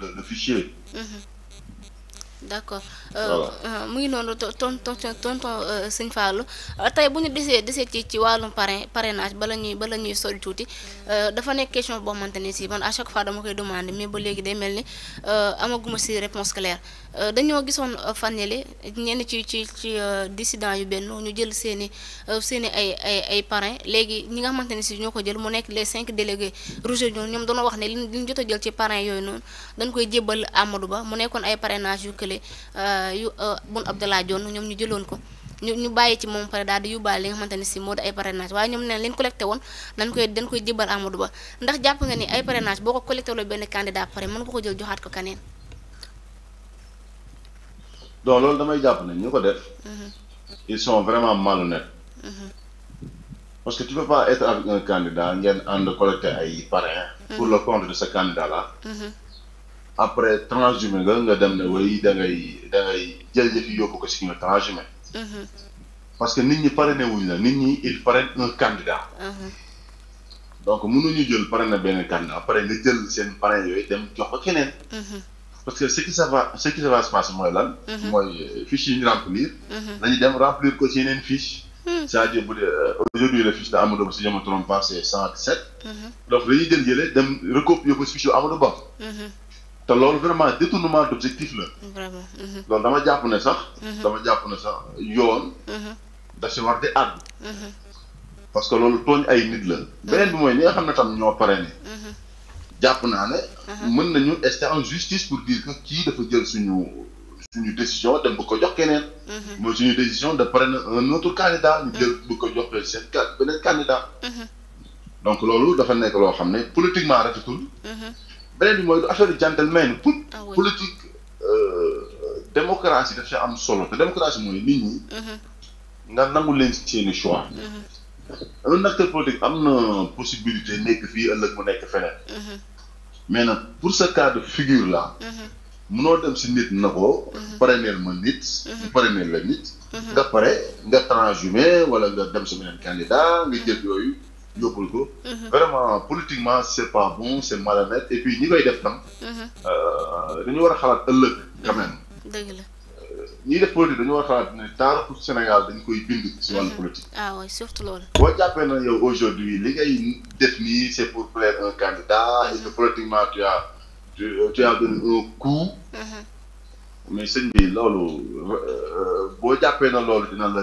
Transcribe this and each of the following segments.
le, le fichier. Mm-hmm d'accord accord euh, euh, mu ngi noonu tonton tonton tonton euh, sëñ Fallou tey bu ñu desee desee ci ci walum parrain parrainage bala ñuy bala ñuy sori euh dafa nek question bo xamante ni si man à chaque fois dama koy demander mais ba légui day melni euh amaguma si réponse claire euh gisoon fan yële ñen ci ci ci dissident yu benn ñu jël seen i ay ay ay parrain légui ñi nga xamante ne si ñoo jël mu nek les 5 délégués rouge ñom ñoom wax ne li ñu jot jël ci parrain yoy noonu dañ koy jébbal Amadou Ba mu nekkoon ay parrainage yu kële jëlee euh, yu euh, Boun Abdallah Dionne ñoom ñu jëloon ko ñu ñu bàyyi ci moom pare daal di yóbbaale li nga xamante ne si moo di ay parrainage waaye ñoom nee leen collecté woon dañ koy dañ koy jébal Amadou Ba ndax jàpp nga ni ay parrainage boo ko collecté loo benn candidat pare mën nga ko jël joxaat ko kaneen donc loolu damay jàpp ne ñu ko def mhm. ils sont vraiment malhonnêtes mhm. parce que tu peux pas être ngeen ànd collecté ay parrain pour mhm. le compte de ce candidat là après transhumé nga nga dem ne way da ngay da ngay jël jëf yi yóbbu ko si ñu transhumé. Mhm. parce que nit ñi parrainé wuñ la nit ñi il parraine un candidat. Mhm. donc mënuñu jël parrainé benn candidat après nga jël seen parrain yooyu dem jox ko keneen. Mhm. parce que ce qui ça va ce qui ça va se passer mooy lan. mooy euh, fiche yi ñu remplir. dañuy dem remplir ko ci yeneen fiche. c'est-à-dire bu dee euh, aujourd'hui la fiche de Amadou Ba si je me trompe pas c'est 117. donc dañuy jël jëlee dem recopier ko si fiche yu Amadou Ba te loolu vraiment détournement d' objectif la. vraiment. Mhm. loolu dama jàpp ne sax. Mhm. dama jàpp ne sax yoon. Mhm. da si war di àdd. parce que loolu tooñ ay nit la. beneen bi mooy ñi nga xam ne tam ñoo pare ne. jàpp naa ne. mën nañu rester en justice pour dire que kii dafa jël suñu suñu décision dem bu ko jox keneen. mooy suñu décision de pare un autre candidat ñu jël bu ko jox seen beneen candidat. donc loolu dafa nekk loo xam ne politiquement rafetul. beneen bi mooy du affaire gentleman pour ah politique euh, démocratie daf ci am solo te démocratie mooy nit ñi mhm. nga nangu leen seeni choix mhm. un acteur politique am na possibilité nekk fii ëllëg mu nekk feneen mhm. mais na pour ce cas de figure là munoo dem si nit na ko parrainer ma nit parrainer la nit nga pare nga transhumé wala nga dem sa beneen candidat nga jël yooyu Mhm. vraiment politiquement c'est pas bon c'est à et puis ni koy def mhm. euh, a quand même. la euh, def politique dañu a Sénégal dañ koy bind. Mhm. politique. Ah aujourd'hui li def pour plaire un candidat. politiquement tu as un coup. mais euh, na dina la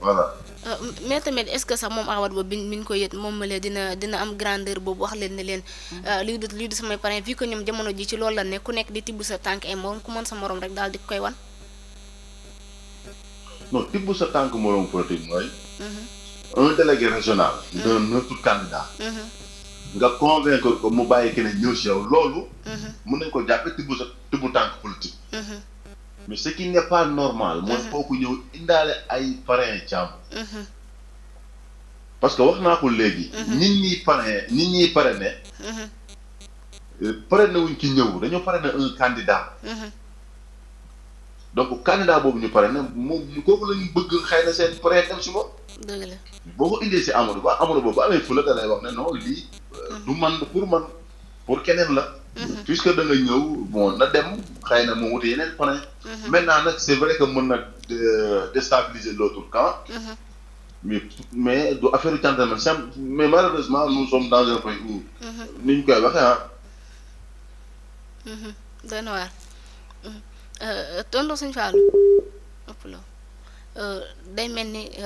voilà. Euh, mais tamit est-ce que sax moom Amadou Ba bi mi ngi koy yët moom la dina dina am grandeur boobu wax leen ne leen. Mm-hmm. Euh, lii du lii samay parrain vu que ñoom jamono ji ci loolu la ne ku nekk di tibb sa tànk ay morom ku mën sa morom rek daal di koy wan. non tibb sa tànk morom politique mooy. Mm-hmm. un délégué régional. Mm-hmm. d'un autre candidat. nga convaincre ko mu bàyyi keneen ñëw si yow loolu. mun nañ ko jàppee tibb sa tibb tànk mais ce qui n'est pas normal. mooy kooku uh-huh. ñëw indaale ay parrain càmb. Uh-huh. parce que wax naa ko léegi. Uh-huh. nit ñi parrain nit ñi parrainé. Euh, parrainé wuñ ci ñëw dañoo parrainé un candidat. donc candidat boobu ñu pare parrainé moom kooku lañu bëgg xëy na seen parrain dem si moom. boo ko indee si Amadou Ba Amadou Ba bu amee fula da lay wax ne non lii. Euh, du man pour man pour keneen la. puisque da nga ñëw bon na dem xëy na mu wuti yeneen point mhm. maintenant nag c' vrai que mën na euh, déstabiliser l' autre camp mhm. mais mais du affaire gentleman simple mais malheureusement nous sommes dans un pays où mhm. koy waxee ah doon waar euh, tonton Sëñ Fallou euh, day mel ni